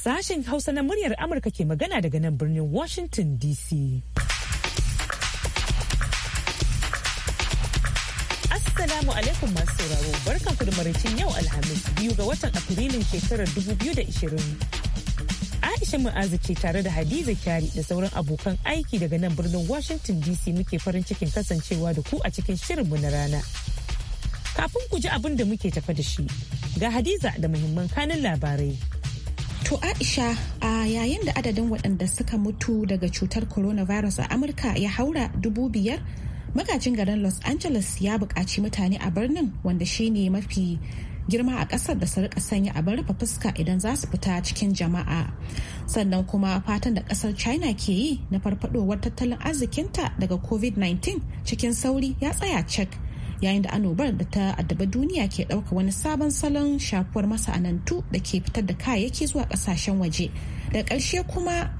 Sashen Hausa na muryar Amurka ke magana daga nan birnin Washington DC. Assalamu alaikum masu sauraro ku da maraicin yau Alhamis biyu ga watan Afrilun shekarar 2020. Aisha Mu'azu ce tare da Hadiza Kyari da sauran abokan aiki daga nan birnin Washington DC muke farin cikin kasancewa da ku a cikin shirinmu na rana. Kafin ku ji abin da muke tafa da shi, ga Hadiza da muhimman kanin labarai. To Aisha a yayin da adadin waɗanda suka mutu daga cutar coronavirus a Amurka ya haura dubu biyar magajin garin Los Angeles ya buƙaci mutane a birnin wanda shine mafi girma a ƙasar da su rika sanya abin rufe fuska idan za su fita cikin jama'a sannan kuma fatan da ƙasar china ke yi na farfadowar tattalin arzikinta daga covid-19 cikin sauri ya tsaya cek yayin da annobar da ta addaba duniya ke ɗauka wani sabon salon shafuwar masana'antu da ke fitar da kayayyaki zuwa ƙasashen waje da ƙarshe kuma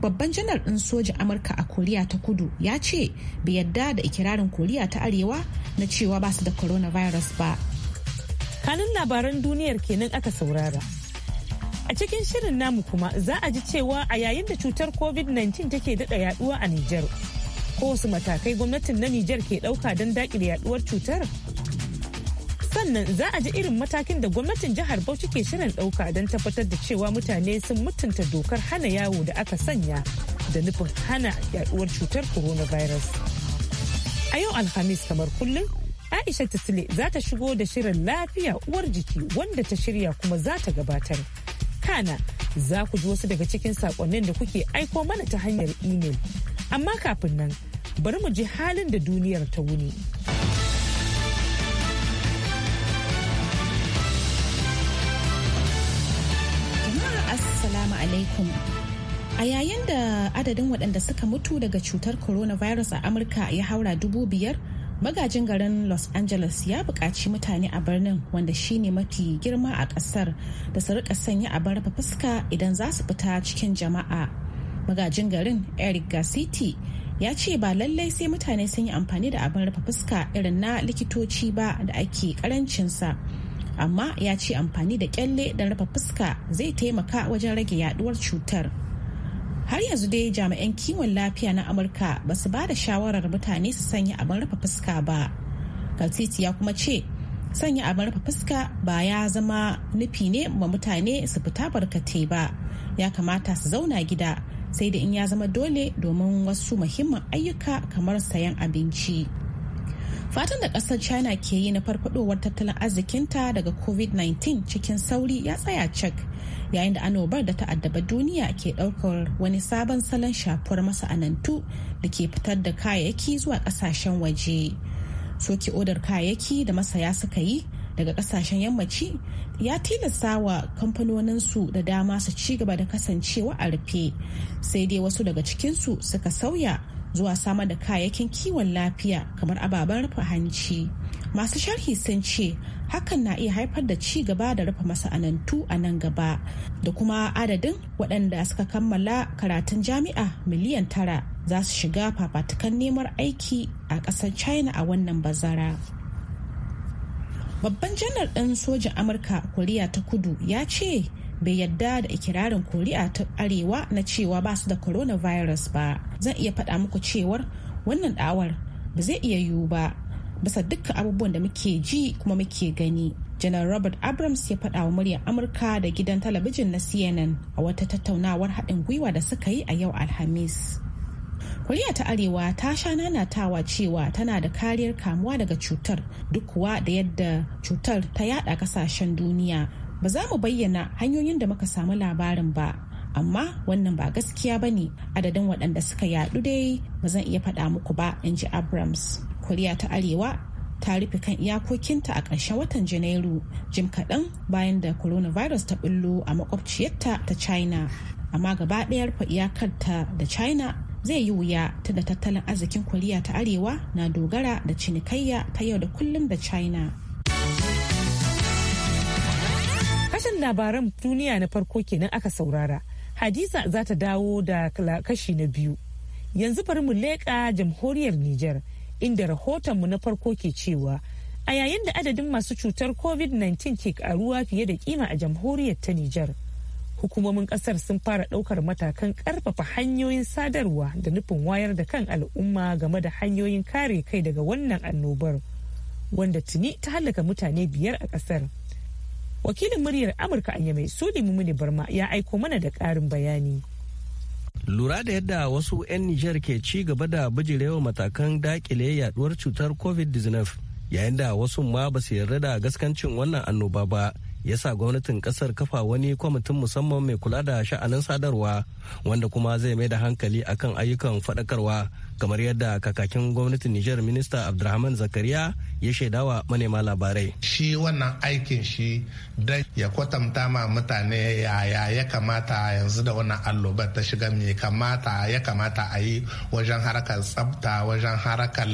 babban janar ɗin soja amurka a koriya ta kudu ya ce bai yadda da ikirarin koriya ta arewa na cewa ba su da coronavirus ba kanin labaran duniyar kenan aka saurara a cikin shirin namu kuma za a ji cewa a yayin da cutar covid-19 take daɗa yaduwa a nijar ko wasu matakai gwamnatin na Nijar ke ɗauka don daƙile yaduwar cutar? Sannan za a ji irin matakin da gwamnatin jihar Bauchi ke shirin ɗauka don tabbatar da cewa mutane sun mutunta dokar hana yawo da aka sanya da nufin hana yaduwar cutar coronavirus. A yau Alhamis kamar kullum, Aisha Tisle za ta shigo da shirin lafiya uwar jiki wanda ta shirya kuma za ta gabatar. Kana za ku ji wasu daga cikin saƙonnin da kuke aiko mana ta hanyar imel. Amma kafin nan, bari mu ji halin da duniyar ta wuni. Jama'a Assalamu alaikum. A yayin da adadin waɗanda suka mutu daga cutar coronavirus a Amurka ya haura dubu biyar, magajin garin Los Angeles ya buƙaci mutane a birnin wanda shine mafi girma a ƙasar da su rika sanya a bar fuska idan za su fita cikin jama'a. magajin garin eric gasiti ya ce ba lallai sai mutane sun yi amfani da abin rufe fuska irin na likitoci ba da ake karancinsa amma ya ce amfani da kyalle don rufe fuska zai taimaka wajen rage yaduwar cutar har yanzu dai jami'an kiwon lafiya na amurka ba su ba da shawarar mutane su sanya abin rufe fuska ba kaltiti ya kuma ce sanya abin rufe fuska ba ya zama nufi ne ma mutane su fita barkatai ba ya kamata su zauna gida sai da in ya zama dole domin wasu muhimman ayyuka kamar sayan abinci fatan da kasar china ke yi na farfadowar tattalin arzikinta daga covid-19 cikin sauri ya tsaya cak yayin da anobar da ta'addaba duniya ke daukar wani sabon salon shafuwar masa'anantu da ke fitar da kayayyaki zuwa kasashen waje soke odar kayayyaki da masaya suka yi daga kasashen yammaci ya tilasta wa kamfanoninsu da dama su ci gaba da kasancewa a rufe sai dai wasu daga cikinsu suka sauya zuwa samar da kayayyakin kiwon lafiya kamar ababen rufe hanci masu sharhi sun ce hakan na iya haifar da ci gaba da rufe masana'antu a nan gaba da kuma adadin waɗanda suka kammala karatun jami'a miliyan tara za su shiga fafatukan neman aiki a ƙasar china a wannan bazara. babban janar ɗin sojin amurka koriya ta kudu ya ce bai yadda da ikirarin koriya ta arewa na cewa ba su da coronavirus ba zan iya faɗa muku cewar wannan ɗawar ba zai iya yiwu ba bisa dukkan abubuwan da muke ji kuma muke gani janar robert abrams ya faɗa wa muryar amurka da gidan talabijin na cnn a wata tattaunawar haɗin gwiwa da suka yi a yau alhamis koriya ta arewa ta sha tawa cewa tana da kariyar kamuwa daga cutar duk kuwa da yadda cutar ta yada kasashen duniya ba za mu bayyana hanyoyin da muka samu labarin ba amma wannan ba gaskiya ba ne adadin waɗanda suka yadu dai ba zan iya faɗa muku ba in ji abrams koriya ta arewa ta rufe kan iyakokinta a ƙarshen watan janairu jim kaɗan bayan da coronavirus ta ɓullo a makwabciyarta ta china amma gaba ɗayar iyakar iyakarta da china zai yi wuya ta da tattalin arzikin koriya ta arewa na dogara da cinikayya ta yau da kullum da china kashin labaran duniya na farko kenan aka saurara hadiza za ta dawo da kashi na biyu yanzu bari mu leƙa jamhuriyar niger inda rahoton mu na farko ke cewa a yayin da adadin masu cutar covid-19 ke karuwa fiye da kima a jamhuriyar ta niger hukumomin kasar sun fara daukar matakan karfafa hanyoyin sadarwa da nufin wayar da kan al'umma game da hanyoyin kare kai daga wannan annobar wanda tuni ta hallaka mutane biyar a kasar wakilin muryar amurka a yamai sulimu mini barma ya aiko mana da karin bayani lura da yadda wasu 'yan nijar ke ci gaba da bijirewa matakan dakile yaduwar cutar covid-19 yayin da wasu ma ba su yarda da gaskancin wannan annoba ba ya sa gwamnatin kasar kafa wani kwamitin musamman mai kula da sha'anin sadarwa wanda kuma zai mai da hankali akan ayyukan faɗakarwa kamar yadda kakakin gwamnatin Nijar minista Abdulrahman Zakariya ya shaidawa manema labarai. Shi wannan aikin shi don ya kwatanta ma mutane yaya ya kamata yanzu da wannan allobar ta shiga mai kamata ya kamata a yi wajen harakar tsafta wajen harakar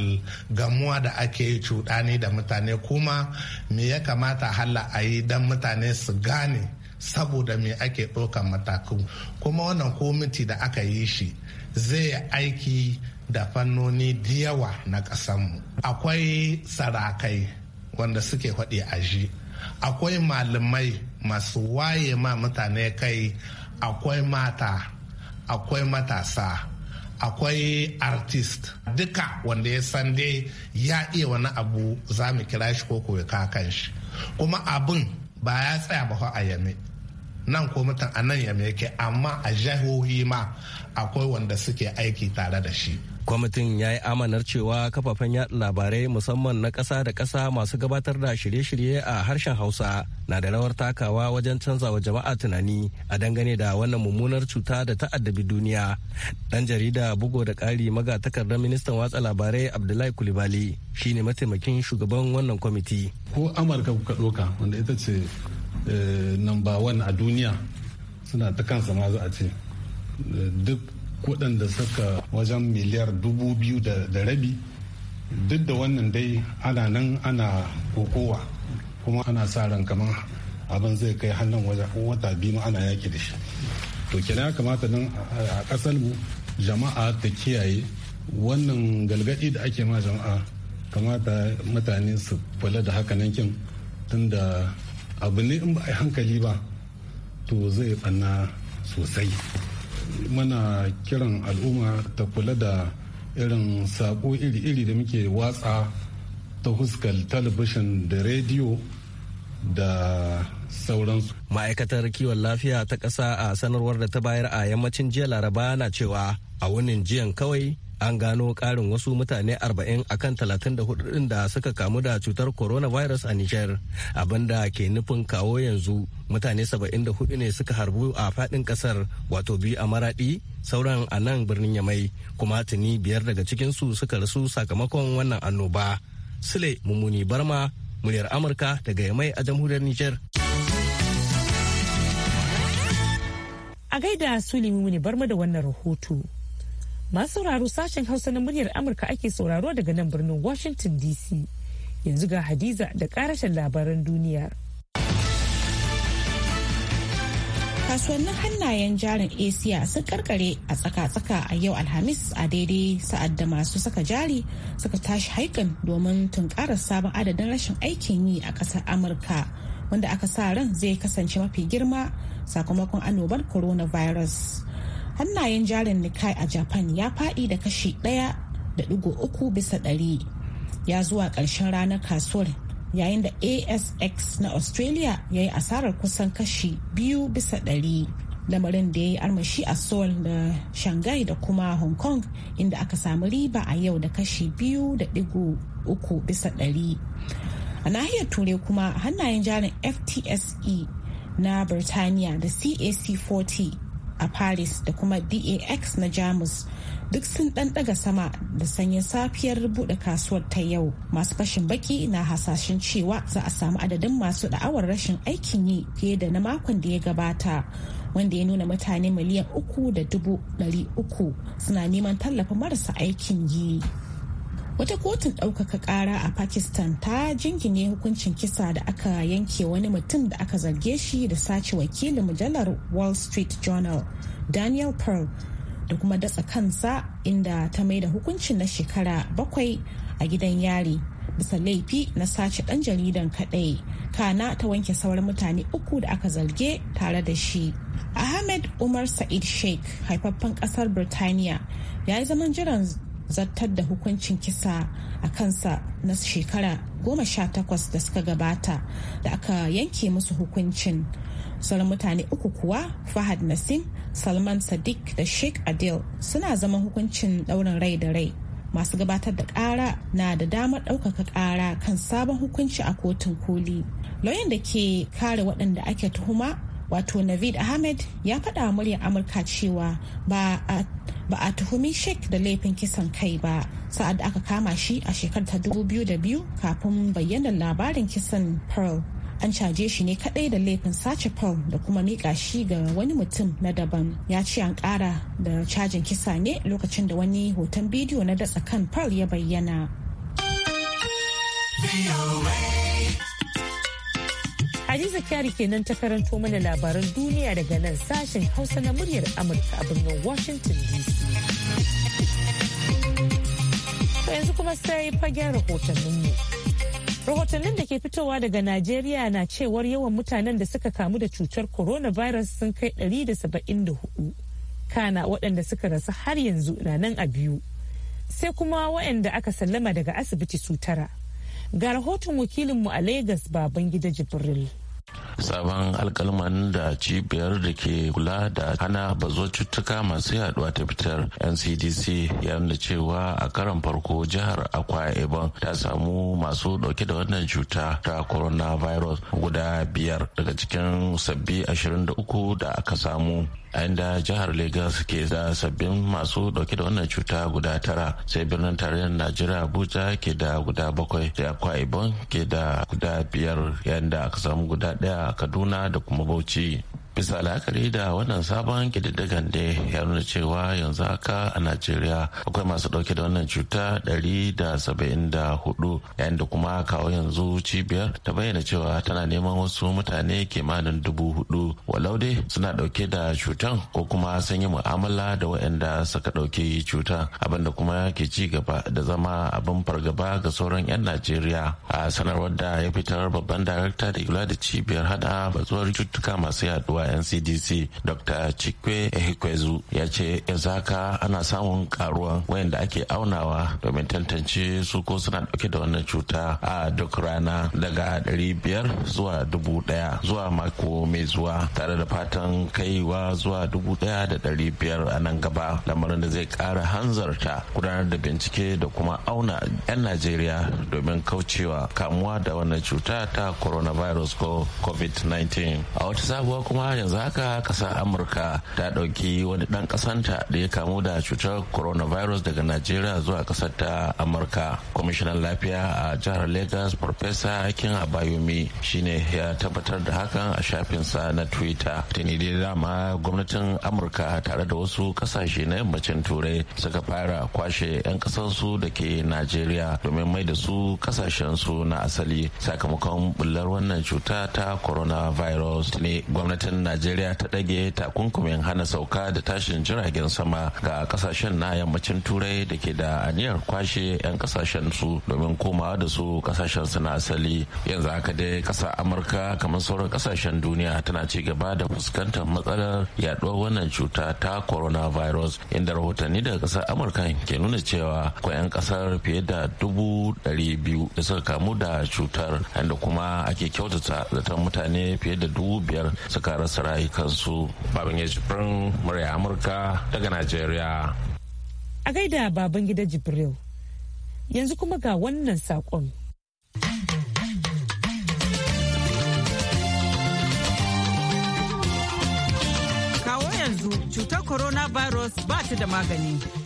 gamuwa da ake yi cuɗani da mutane kuma me ya kamata halla a yi don mutane su gane saboda me ake ɗaukan matakan kuma wannan komiti da aka yi shi zai aiki da fannoni da yawa na ƙasanmu akwai sarakai wanda suke faɗi a shi akwai malamai masu waye ma mutane kai akwai mata akwai matasa akwai artist duka wanda ya san dai ya iya wani abu za mu kira shi ko kuwa kakan kuma abin ba ya tsaya ba a yame nan ko mutum a nan ya yake amma a jihohi ma akwai wanda suke aiki tare da shi kwamitin ya yi amanar cewa kafafen yaɗa labarai musamman na ƙasa da ƙasa masu gabatar da shirye-shirye a harshen hausa na da rawar takawa wajen canzawa jama'a tunani a dangane da wannan mummunar cuta da ta addabi duniya ɗan jarida bugo da ƙari magatakardar ministan watsa labarai abdullahi kulibali shine mataimakin shugaban wannan kwamiti ko amurka kuka ɗauka wanda ita ce Eh, number one a duniya suna ta kansa ma a ce eh, duk da suka wajen miliyar dubu biyu da rabi duk da wannan dai ana nan ana kokowa kuma ana sa ran kamar abin zai kai hannun wata biyu ana yaki da shi to kenan ya kamata nan a kasar mu jama'a ta kiyaye wannan galgadi da ake ma jama'a kamata mutane su kula da hakanan kin tunda abu ne in ba a yi hankali ba to zai banna sosai muna kiran al'umma ta kula da irin sako iri-iri da muke watsa ta huskar talabishin da rediyo da sauransu. Ma'aikatar kiwon lafiya ta ƙasa a sanarwar da ta bayar a yammacin jiya Laraba na cewa a wunin jiyan kawai an gano ƙarin wasu mutane 40 akan 34 ɗin da suka kamu da cutar coronavirus a Nijar, abinda ke nufin kawo yanzu mutane 74 ne suka harbu a faɗin ƙasar wato biyu a maraɗi sauran a nan birnin Yamai kuma tuni biyar daga cikinsu suka rasu sakamakon wannan annoba. Sule Mummuni Barma, muryar Amurka daga Yamai a jamhuriyar Nijar. A gaida Sule Mummuni Barma da wannan rahoto. Masu sauraro sashen Hausa na muryar Amurka ake sauraro daga nan birnin Washington DC. Yanzu ga Hadiza da karashen labaran duniya. Kasuwannin hannayen jarin asia sun karkare a tsaka-tsaka a yau Alhamis a daidai sa'ad da masu saka jari suka tashi haikan domin tunkarar sabon adadin rashin aikin yi a ƙasar Amurka wanda aka sa ran zai kasance mafi girma sakamakon annobar coronavirus. hannayen jarin nikai a japan ya fadi da kashi ɗaya da ɗigo uku bisa ɗari ya zuwa ƙarshen ranar kasuwar yayin da asx na australia ya yi asarar kusan kashi biyu bisa ɗari lamarin da ya yi armashi a seoul da shanghai da kuma hong kong inda aka samu riba a yau da kashi biyu da ɗigo uku bisa ɗari a nahiyar turai kuma hannayen jarin ftse na birtaniya da cac 40 a paris da kuma dax na jamus duk sun dan daga sama da sanyin safiyar buɗe kasuwar ta yau masu fashin baki na hasashen cewa za a samu adadin masu da'awar rashin aikin yi fiye da na makon da ya gabata wanda ya nuna mutane miliyan uku da dubu ɗari uku suna neman tallafa marasa aikin yi wata kotun ɗaukaka ƙara a pakistan ta jingine hukuncin kisa da aka yanke wani mutum da aka zarge shi da sace wakilin mujallar wall street journal daniel pearl da kuma datsa kansa inda ta maida hukuncin na shekara bakwai a gidan yari bisa laifi na sace ɗan jaridan kaɗai kana ta wanke sauran mutane uku da aka zarge tare da shi ahmed umar sa'id sheikh haifaffen ƙasar birtaniya ya yi zaman jiran zartar da hukuncin kisa a kansa na shekara goma sha takwas da suka gabata da aka yanke musu hukuncin sauran mutane uku kuwa fahad nasim salman sadiq da sheikh adil suna zama hukuncin daurin rai da rai masu gabatar da kara na da damar ɗaukaka ƙara kan sabon hukunci a kotun koli lauyan da ke kare waɗanda ake tuhuma wato navid ahmed ya faɗa muryar amurka cewa ba a tuhumi sheik da laifin kisan kai ba sa'ad da aka kama shi a shekarar ta biyu kafin bayyanar labarin kisan pearl an caje shi ne kadai da laifin sace pearl da kuma miƙa shi ga wani mutum na daban ya ce an kara da cajin kisa ne lokacin da wani hoton bidiyo na datsa kan pearl ya bayyana. Hadiza Kyari kenan ta karanto mana labaran duniya daga nan sashen Hausa na muryar Amurka a birnin Washington DC. yanzu kuma sai fagen mu. Rahotannin da ke fitowa daga Najeriya na cewar yawan mutanen da suka kamu da cutar coronavirus sun kai 174. Kana waɗanda suka rasu har yanzu na nan a biyu. Sai kuma waɗanda aka sallama daga asibiti su tara. Ga rahoton wakilinmu a lagos Babangida Jibril. sabon alkalman da cibiyar da ke kula da hana bazo cutuka masu yaduwa ta fitar ncdc ya cewa a karan farko jihar akwa ibom ta samu masu dauke da wannan cuta ta coronavirus guda biyar daga cikin sabbi 23 da aka samu a inda jihar Legas ke da sabbin masu dauke da wannan cuta guda tara sai birnin tarayyar Najeriya Abuja ke da guda bakwai da Akwa Ibom ke da guda biyar yayin da aka samu guda daya a Kaduna da kuma Bauchi. bisa la'akari da wannan sabon kididdigan da ya nuna cewa yanzu haka a najeriya akwai masu dauke da wannan cuta 174 yayin da kuma kawo yanzu cibiyar ta bayyana cewa tana neman wasu mutane kimanin dubu hudu walau dai suna dauke da cutan ko kuma sun yi mu'amala da waɗanda suka dauke cuta abinda kuma ke ci gaba da zama abin fargaba ga sauran 'yan najeriya a sanarwar da ya fitar babban darakta da kula da cibiyar hada batsuwar cutuka masu yaduwa wa ncdc dr chikwe ehikwezu ya ce yanzu haka ana samun karuwan wayanda ake aunawa domin tantance su ko suna dauke da wannan cuta a duk rana daga 500 zuwa 1000 zuwa mako mai zuwa tare da fatan kaiwa zuwa 1500 a nan gaba lamarin da zai kara hanzarta gudanar da bincike da kuma auna 'yan najeriya domin kaucewa kamuwa da wannan cuta ta coronavirus ko covid-19 a wata sabuwa kuma yanzu haka ƙasar amurka ta ɗauki wani ɗan ƙasanta da ya kamu da cutar coronavirus daga najeriya zuwa ƙasar ta amurka kwamishinan lafiya a jihar lagos farfesa king abayomi shine ya tabbatar da hakan a shafinsa na twitter tuni dai dama gwamnatin amurka tare da wasu ƙasashe na yammacin turai suka fara kwashe 'yan ƙasansu da ke najeriya domin mai da su ƙasashensu na asali sakamakon bullar wannan cuta ta coronavirus ne gwamnatin najeriya ta ɗage takunkumin hana sauka da tashin jiragen sama ga kasashen na yammacin turai da ke da aniyar kwashe 'yan kasashen su domin komawa da su kasashen su na asali yanzu haka dai ƙasa amurka kamar sauran kasashen duniya tana ci gaba da fuskantar matsalar yaduwar wannan cuta ta coronavirus inda rahotanni daga ƙasar amurka ke nuna cewa ko 'yan ƙasar fiye da dubu ɗari biyu da suka kamu da cutar inda kuma ake kyautata zaton mutane fiye da dubu biyar suka rasa rasa rayukansu baban ya jibrin murya amurka daga najeriya a gaida baban gida jibril yanzu kuma ga wannan saƙon kawo yanzu cutar coronavirus ba ta da magani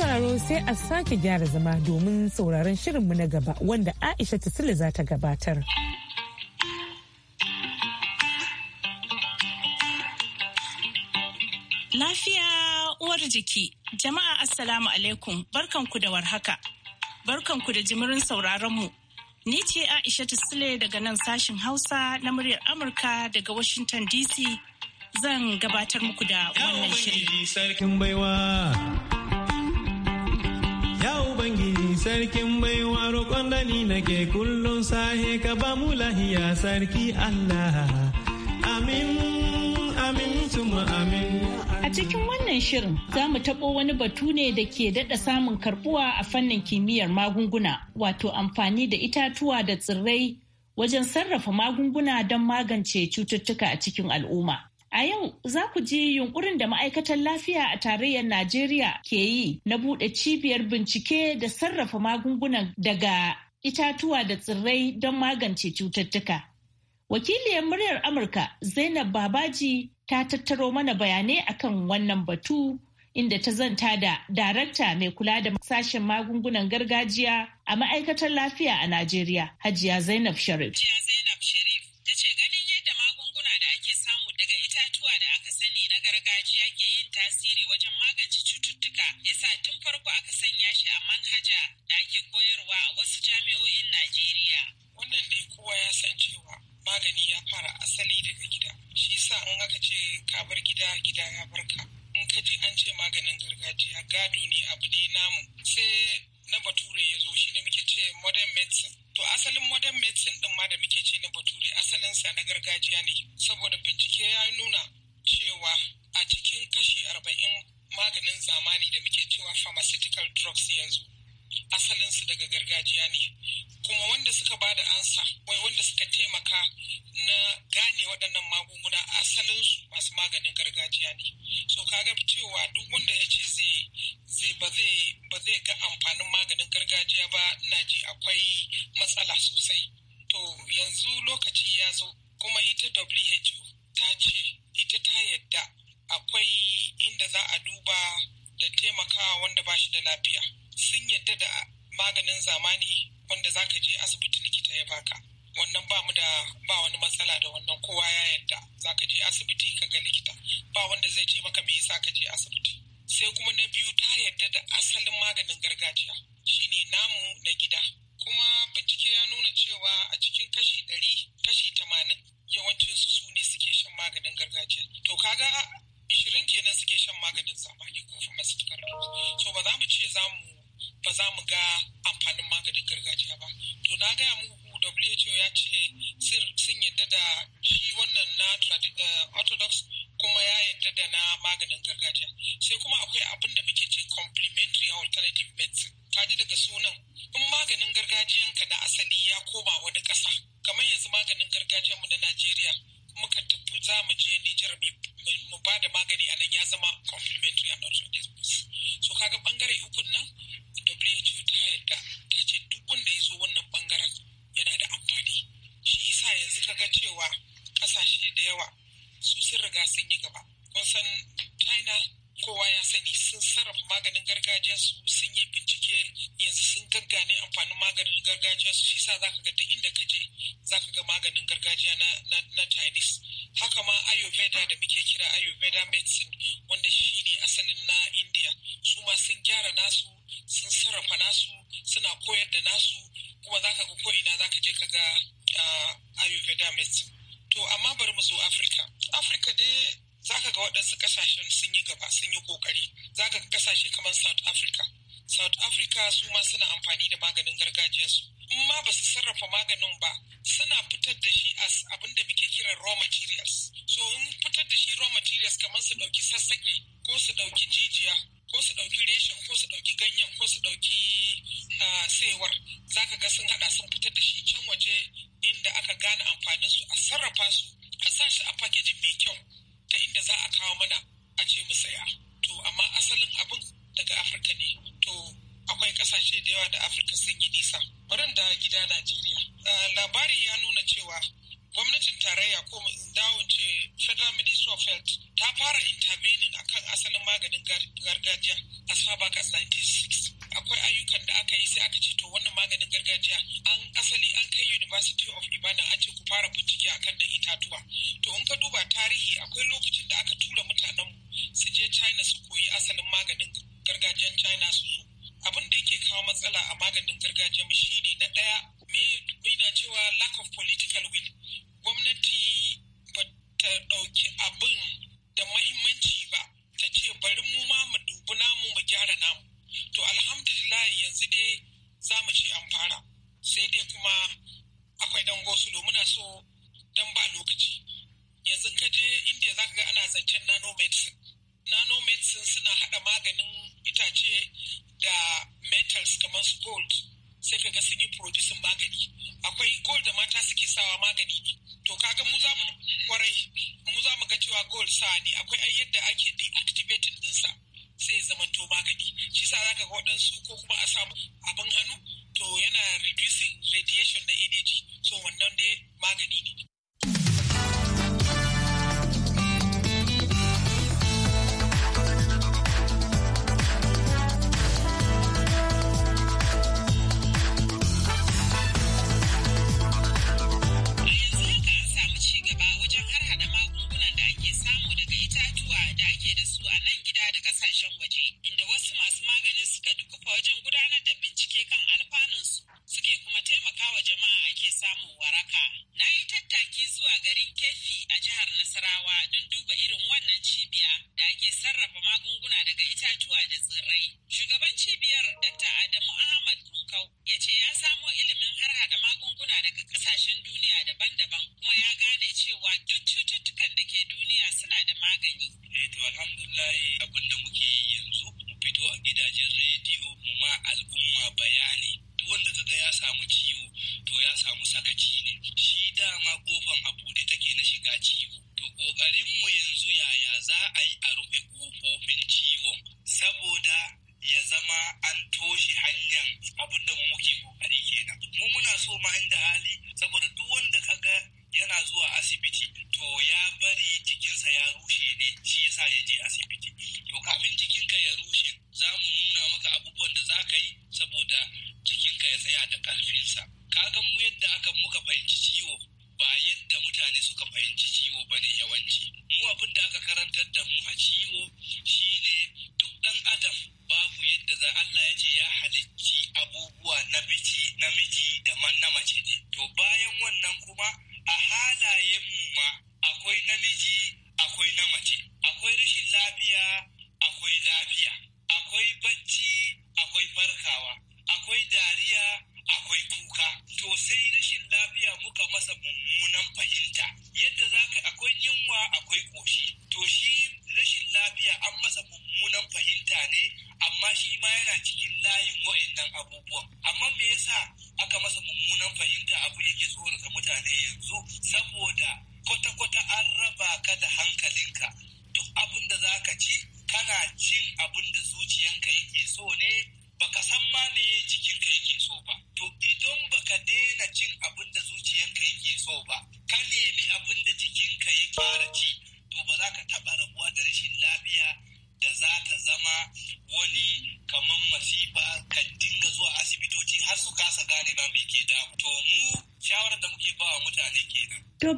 sauraro sai a sake gyara zama domin sauraron shirinmu na gaba wanda Aisha Tasila za ta gabatar. Lafiya uwar jiki, jama'a Assalamu alaikum, barkanku da warhaka, barkanku da jimirin sauraronmu. Ni ce Aisha Tasile daga nan sashin Hausa na muryar Amurka daga Washington DC zan gabatar muku da wannan shirin. baiwa. sarkin baiwa roƙon da nake kullum sahe ka ba mu lahiya sarki Allah. Amin, amin, tuma amin. A cikin wannan shirin za mu taɓo wani batu ne da ke daɗa samun karɓuwa a fannin kimiyyar magunguna, wato amfani da itatuwa da tsirrai wajen sarrafa magunguna don magance cututtuka a cikin al'umma. A yau za ku ji yunkurin da ma'aikatan lafiya a tarayyar Najeriya ke yi na buɗe cibiyar bincike da sarrafa magungunan daga itatuwa da tsirrai don magance cututtuka. Wakiliyar muryar Amurka Zainab Babaji ta tattaro mana bayanai akan wannan batu inda ta zanta da darakta mai kula da sashen magungunan gargajiya a ma'aikatar lafiya a Najeriya, Hajiya Zainab Sharif. abubuwa da aka sani na gargajiya ke yin tasiri wajen magance cututtuka yasa tun farko aka sanya shi a manhaja da ake koyarwa a wasu jami'o'in Najeriya. Wannan dai kowa ya san cewa magani ya fara asali daga gida. Shi yasa in aka ce ka bar gida gida ya barka. In ka ji an ce maganin gargajiya gado ne abu ne namu. Sai na bature ya zo shine muke ce modern medicine to asalin modern medicine din ma da muke ce na bature asalinsa na gargajiya ne saboda bincike ya nuna cewa a cikin kashi arba'in maganin zamani da muke cewa pharmaceutical drugs yanzu asalinsu daga gargajiya ne kuma wanda suka ba da ansa wai wanda suka taimaka na gane waɗannan magunguna asalin su masu maganin gargajiya ne so kaga cewa duk wanda ya ce zai ba zai ga amfanin maganin gargajiya ba na ji akwai matsala sosai to yanzu lokaci ya zo kuma ita who ta ce ita ta yadda akwai inda za a duba da taimakawa wanda ba shi da lafiya sun yadda da maganin zamani wanda za ka je asibiti likita ya baka wannan ba mu da ba wani matsala da wannan kowa ya yadda za ka je asibiti ka ga likita ba wanda zai ce maka me yasa ka je asibiti sai kuma na biyu ta yadda da asalin maganin gargajiya shine namu na gida kuma bincike ya nuna cewa a cikin kashi ɗari kashi tamanin yawancin su ne suke shan maganin gargajiya to kaga ishirin kenan suke shan maganin zamani ko pharmaceutical so ba za mu ce za mu ba za mu ga amfanin maganin gargajiya ba to na gaya muku WHO ya ce sun yadda da shi wannan na eh, orthodox kuma ya yadda da na maganin gargajiya sai kuma akwai abin da muke ce complementary alternative medicine kaji daga sunan in maganin gargajiyanka na asali ya koma wani kasa. kamar yanzu maganin mu na najeriya muka tafi za mu je nijar mu ba da magani a nan ya zama complementary and not so kaga bangare ukun nan who ta yadda ta ce duk wanda ya zo wannan bangaren yana da amfani shi yasa yanzu kaga cewa kasashe da yawa su sun riga sun yi gaba kun san china kowa ya sani sun sarrafa maganin gargajiyarsu sun yi bincike yanzu sun gaggane amfanin maganin gargajiyarsu shi sa ka ga duk inda ka je za ka ga maganin gargajiya na, na, Chinese. Haka ma Ayurveda da muke kira Ayurveda medicine wanda shi ne asalin na India. Su ma sun gyara nasu, sun sarrafa nasu, suna koyar da nasu, kuma za ka ga ko'ina za ka je ka ga ah, Ayurveda medicine. To amma bari mu zo Afirka. Afirka dai za ka ga waɗansu ƙasashen sun yi gaba sun yi ƙoƙari. Za ka ga ƙasashe kamar South Africa. South Africa su ma suna amfani da maganin gargajiyarsu. in ma ba su sarrafa maganin ba suna fitar da shi as abin da muke kira raw materials so in fitar da shi raw materials kamar su dauki sassaƙe ko su dauki jijiya ko su dauki reshen ko su dauki ganyen ko su dauki saiwar zaka ga sun hada sun fitar da shi can waje inda aka gane amfanin su a sarrafa su a sa shi a fakejin mai kyau ta inda za a kawo mana a ce mu saya to amma asalin abin daga afirka ne to akwai kasashe da yawa da afirka sun yi nisa Wurin da gida najeriya ah, labari ya nuna cewa gwamnatin tarayya ko dawon ce federal ministry of health ta fara intervening akan asalin maganin gargajiya as far back as 1960 akwai ayyukan da aka yi sai aka ce to wannan maganin gargajiya an asali an kai university of ibadan an ce ku fara bincike akan da itatuwa to in ka duba tarihi akwai lokacin da aka tura mutanen su je china su koyi asalin maganin gargajiyan china su zo abin da yake kawo matsala a maganin gargajiya mu shine na ɗaya me na cewa lack of political will gwamnati ba ta ɗauki abin da mahimmanci ba ta ce bari mu ma mu dubi namu mu gyara namu to alhamdulillah yanzu dai za mu ce an fara sai dai kuma akwai dan gosulo muna so dan ba lokaci yanzu ka je inda za ka ga ana zancen nano Nano medicine suna hada maganin itace collectors kamar su gold sai ka ga sun yi produce magani akwai gold da mata suke sawa magani to kaga mu za mu kwarai mu za mu ga cewa gold sa ne akwai ai yadda ake deactivating dinsa sai ya zamanto magani shi sa za ka ga waɗansu ko kuma a samu abin hannu to yana reducing radiation na energy so wannan dai magani ne sarrafa magunguna daga itatuwa da tsirrai. Shugaban cibiyar Dr. Adamu Ahmad 他等不起我。cin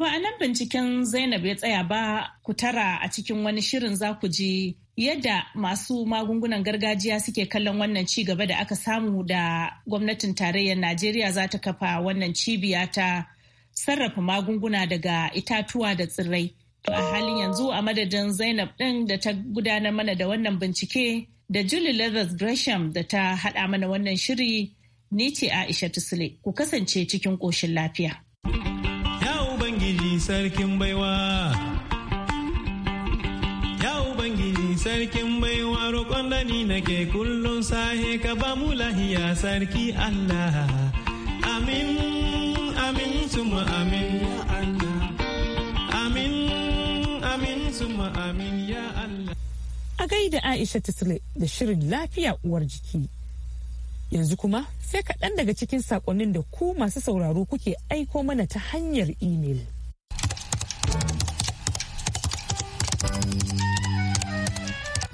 ba a nan binciken Zainab ya tsaya ba ku tara a cikin wani shirin za ku ji yadda masu magungunan gargajiya suke kallon wannan ci gaba da aka samu da gwamnatin tarayyar Najeriya za ta kafa wannan cibiya ta sarrafa magunguna daga itatuwa da tsirrai. A halin yanzu a madadin Zainab ɗin da ta gudanar mana da wannan bincike da Julie Leathers Gresham da ta haɗa mana wannan shiri ni ce Aisha Tusle ku kasance cikin koshin lafiya. sarkin baiwa. Ya Ubangiji sarkin baiwa roƙon da ni nake kullum sahe ka ba mu lahiya sarki Allah. Amin, amin, suma amin ya Allah. Amin, amin, suma amin ya Allah. A gaida Aisha Tisle da shirin lafiya uwar jiki. yanzu kuma sai kaɗan daga cikin saƙonnin da ku masu sauraro kuke aiko mana ta hanyar imel.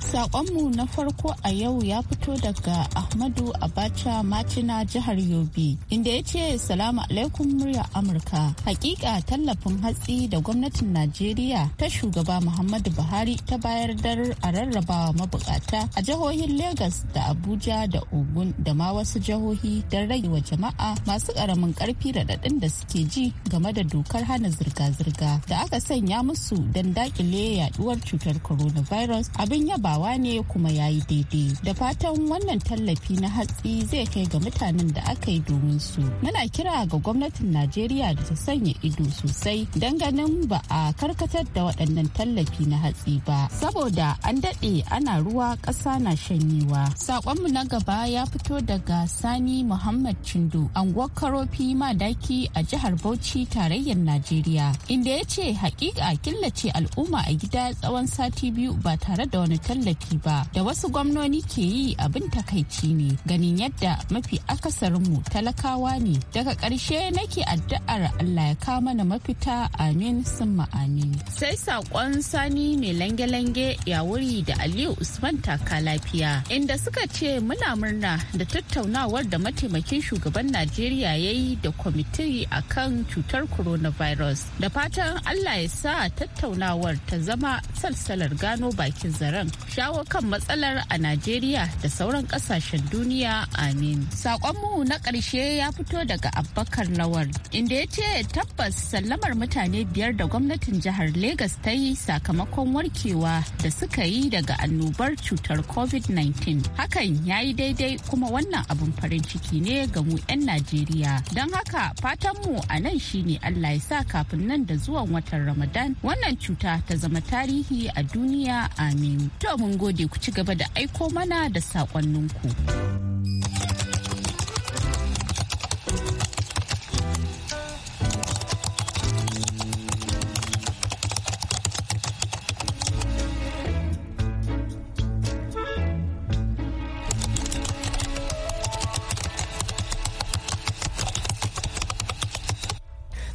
Sakonmu na farko a yau ya fito daga Ahmadu Abacha Macina jihar Yobe inda ya ce salamu alaikum murya Amurka. Hakika tallafin hatsi da gwamnatin Najeriya ta shugaba Muhammadu Buhari ta bayar da a rarrabawa mabukata a jihohin Legas da Abuja da Ogun da ma wasu jihohi don rage wa jama'a masu karamin karfi raɗaɗin da suke ji game da dokar hana zirga-zirga da aka sanya musu don daƙile yaduwar cutar coronavirus abin yaba gaggawa ne kuma ya yi daidai da fatan wannan tallafi na hatsi zai kai ga mutanen da aka yi domin su muna kira ga gwamnatin najeriya da ta sanya ido sosai don ganin ba a karkatar da waɗannan tallafi na hatsi ba saboda an daɗe ana ruwa ƙasa na shanyewa saƙonmu na gaba ya fito daga sani muhammad chindu anguwar karofi madaki a jihar bauchi tarayyar najeriya inda ya ce hakika killace al'umma a gida tsawon sati biyu ba tare da wani tallafi tallafi ba da wasu gwamnoni ke yi abin takaici ne ganin yadda mafi akasarinmu talakawa ne daga ƙarshe nake addu'ar Allah ya kawo mana mafita amin sun amin. Sai saƙon sani mai lange-lange ya wuri da Aliyu Usman taka lafiya inda suka ce muna murna da tattaunawar da mataimakin shugaban Najeriya ya yi da kwamiti a kan cutar coronavirus. Da fatan Allah ya sa tattaunawar ta zama salsalar gano bakin zaren shawo kan matsalar a Najeriya da sauran kasashen duniya amin. Sakonmu na ƙarshe ya fito daga Abbakar Lawal inda ya ce tabbas sallamar mutane biyar da gwamnatin jihar Legas ta yi sakamakon warkewa da suka yi daga annobar cutar COVID-19. Hakan ya yi daidai kuma wannan abin farin ciki ne ga mu 'yan Najeriya. Don haka fatanmu a nan shine Allah ya sa kafin nan da zuwan watan Ramadan wannan cuta ta zama tarihi a duniya amin. To mu mun gode ku ci gaba da aiko mana da saƙonninku.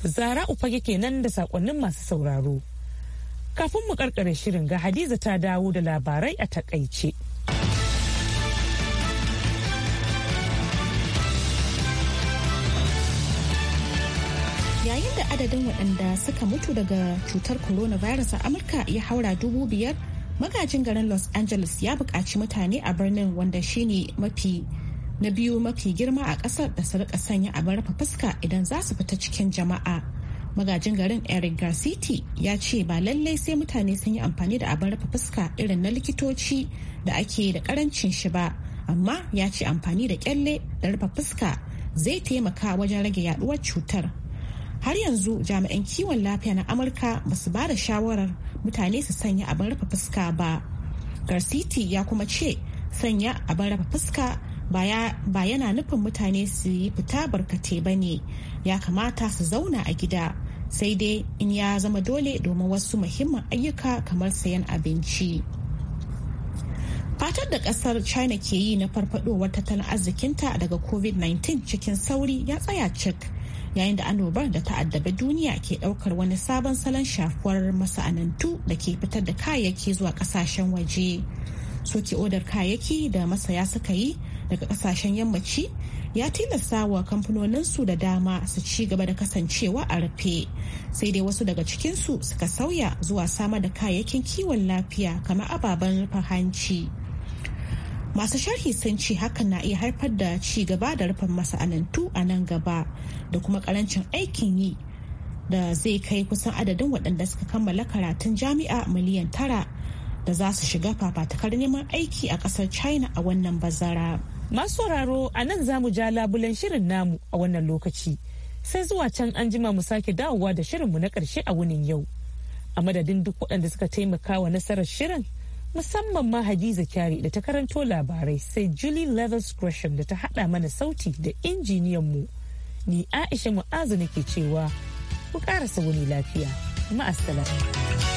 Zara ufage kenan da saƙonnin masu sauraro. Kafin mu karkare shirin ga Hadiza ta dawo da labarai a takaice. yayin da adadin waɗanda suka mutu daga cutar coronavirus a amurka ya haura dubu biyar magajin garin los angeles ya buƙaci mutane a birnin wanda shine mafi na biyu mafi girma a ƙasar da su rika sanya a rufe fuska idan za su fita cikin jama'a magajin garin eric garciti ya ce ba lallai sai mutane sun yi amfani da abin rufe fuska irin na likitoci da ake da karancin shi ba amma ya ce amfani da kyalle da rufe fuska zai taimaka wajen rage yaduwar cutar har yanzu jami'an kiwon lafiya na amurka ba su ba da shawarar mutane su sanya abin rufe fuska ba garciti ya kuma ce sanya abin rufe fuska ba yana nufin mutane su yi fita barkate ba ne ya kamata su zauna a gida sai dai in ya zama dole domin wasu muhimman ayyuka kamar sayan abinci fatar da kasar china ke yi na farfadowar tattalin arzikinta daga covid-19 cikin sauri ya tsaya cik yayin da annobar da ta addabi duniya ke daukar wani sabon salon shafuwar masana'antu da ke fitar da kayayyaki zuwa kasashen waje soke odar kayayyaki da masaya suka yi daga kasashen yammaci ya tilasta wa kamfanoninsu da dama su ci gaba da kasancewa a rufe sai dai wasu daga cikinsu suka sauya zuwa samar da kayayyakin kiwon lafiya kamar ababen rufe hanci masu sharhi sun ce hakan na iya haifar da ci gaba da rufin masana'antu a nan gaba da kuma karancin aikin yi da zai kai kusan adadin waɗanda suka kammala karatun jami'a miliyan tara da za su shiga fafatakar neman aiki a ƙasar china a wannan bazara. Masu sauraro a nan za mu ja labulen shirin namu a wannan lokaci. Sai zuwa can an jima mu sake dawowa da shirinmu na ƙarshe a wunin yau. A madadin duk waɗanda suka taimaka wa nasarar shirin musamman ma Hadiza Kyari da ta karanto labarai sai Julie Leathers Gresham da ta haɗa mana sauti da injiniyan mu. Ni Aisha Mu'azu nake cewa ku ƙarasa wuni lafiya. Ma'asala.